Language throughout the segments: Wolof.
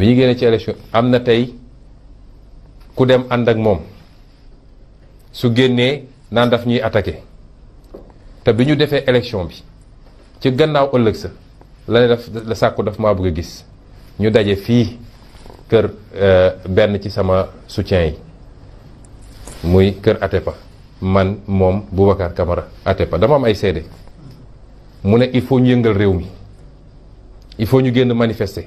bi ñu génnee ci élection am na tey ku dem ànd ak moom su génnee naan daf ñuy attaqué te bi ñu defee élection bi ci gannaaw ëllëg sa la ne daf la sàkku daf maa bëgg a gis ñu daje fii kër euh, benn ci sama soutien yi muy kër Atepa man moom Boubacar Camara Atepa dama am ay seede mu ne il faut ñu yëngal réew mi il faut ñu génn manifester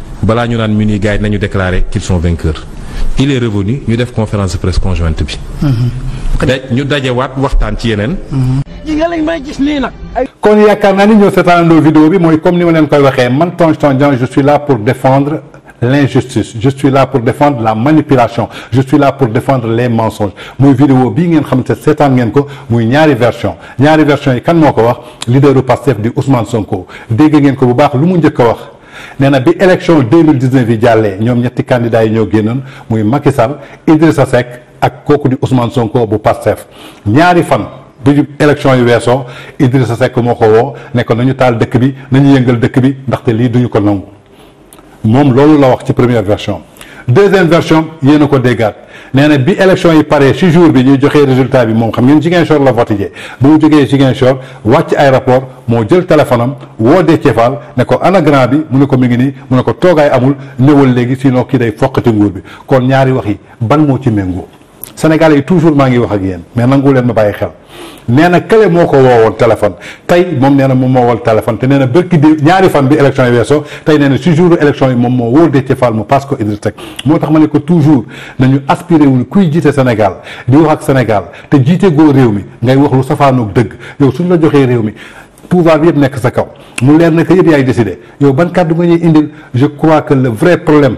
bala ñu nan muni gars nañu déclaré qu'ils sont vainqueurs il est revenu ñu def conférence de presse conjointe bi. Mm-hmm. ñu dajewaat waxtaan ci mm-hmm. nak kon yaakaar naa ni ñoo nous vidéo bi moy comme ni ma leen koy waxee man ton Tandian je suis là pour défendre l'injustice je suis là pour défendre la manipulation je suis là pour défendre les mensonges moy vidéo bi ngeen xam te sétane ngeen ko moy ñaari version ñaari version yi kan moko wax leader du Pastef di Ousmane Sonko dégg ngeen ko bu baax lu mu njëkk wax. nee na bi élection 2019 yi jàllee ñoom ñetti candidats yi ñoo génnoon muy Macky Sall sa Seck ak kooku di Ousmane Sonko bu Pastef ñaari fan bu élection yu weesoo sa Seck moo ko woo ne ko nañu taal dëkk bi nañu yëngal dëkk bi ndaxte lii duñu ko nangu moom loolu la wax ci première version deuxième version yéen ko déggaat nee na bi élection yi paree si jour bi ñuy joxee résultat bi moom xam ngeen Ziguinchor la voté jee bu mu jógee Ziguinchor wàcc aéroport moo jël téléphone am woo Déthié Fall ne ko ana bi mu ne ko mi ngi nii mu ne ko toogaay amul ñëwal léegi sinon kii day foqati nguur bi kon ñaari wax yi ban moo ci méngoo Sénégal yi toujours maa ngi wax ak yéen mais nangu leen ma bàyyi xel nee na kële moo ko woowoon téléphone tey moom nee na moom moo wol téléphone te nee na bërki di ñaari fan bi élection yi weesoo tey nee na si jour élection yi moom moo wóor Déthié Fall mu passe ko Idrissa Seck moo tax ma ne ko toujours nañu aspiré wul kuy jiite Sénégal di wax ak Sénégal te jiite goo réew mi ngay wax lu safaanoog dëgg yow suñ la joxee réew mi pouvoir bi yëpp nekk sa kaw mu leer na que yëpp yaay décidé yow ban kàddu nga ñuy indil je crois que le vrai problème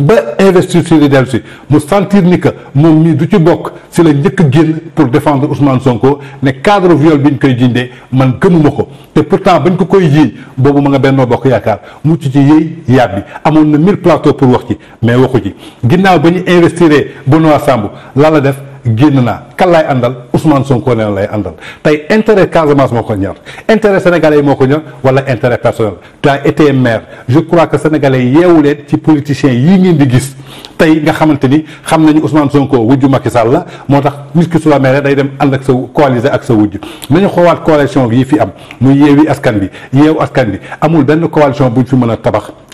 ba investiture yi dellu si mu sentir ni que moom mii du ci bokk les la njëkk génn pour défendre Ousmane Sonko ne cadre viol bi ñu koy jindee man gëmuma pourtant ben ko koy jiiñ boobu ma nga bennoo bokk yaakaar mucc ci yëy yàb bi amoon mille plateaux pour wax ci mais waxu ci ginnaaw ba ñu investiree Benoît Sambou la la def génn naa kan laay àndal Ousmane Sonko ne lay àndal tay intérêt Casamance moko ñor intérêt sénégalais moko ñor wala intérêt personnel tu as été maire je crois que sénégalais yewulé ci politiciens yi ngi di gis tay nga xamanteni xamnañu Ousmane Sonko wujju Macky Sall la motax miski sou la maire day dem ànd ak sa coaliser ak sa wujju nañu xowat coalition yi fi am muy yewi askan bi yew askan bi amul benn coalition buñ fi mëna tabax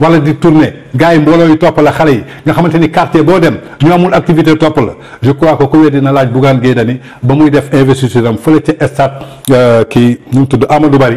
wala di tourner gars yi mbooloo yu topp la xale yi nga xamante ni quartier boo dem ñu amul activité topp la je crois que ku weddi na laaj Bougane Gueye Dany ba muy def investiture am fële ca stade euh, kii nu mu tudd du bari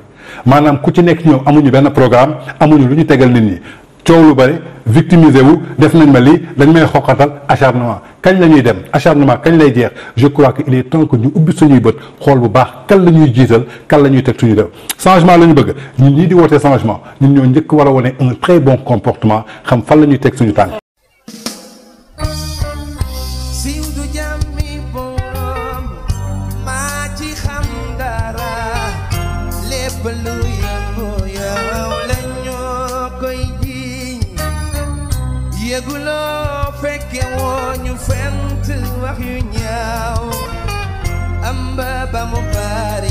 manam ku ci amuñu programme amuñu luñu nit ñi lu wu def nañ dañ may acharnement kañ dem acharnement kañ lay je crois que est temps que nous ubbi suñuy xool bu baax kan lañuy jiital que nous suñu changement devons bëgg di changement un très bon comportement xam fan lañuy yëguloo fekke woo ñu fent wax yu ñaaw amba ba mu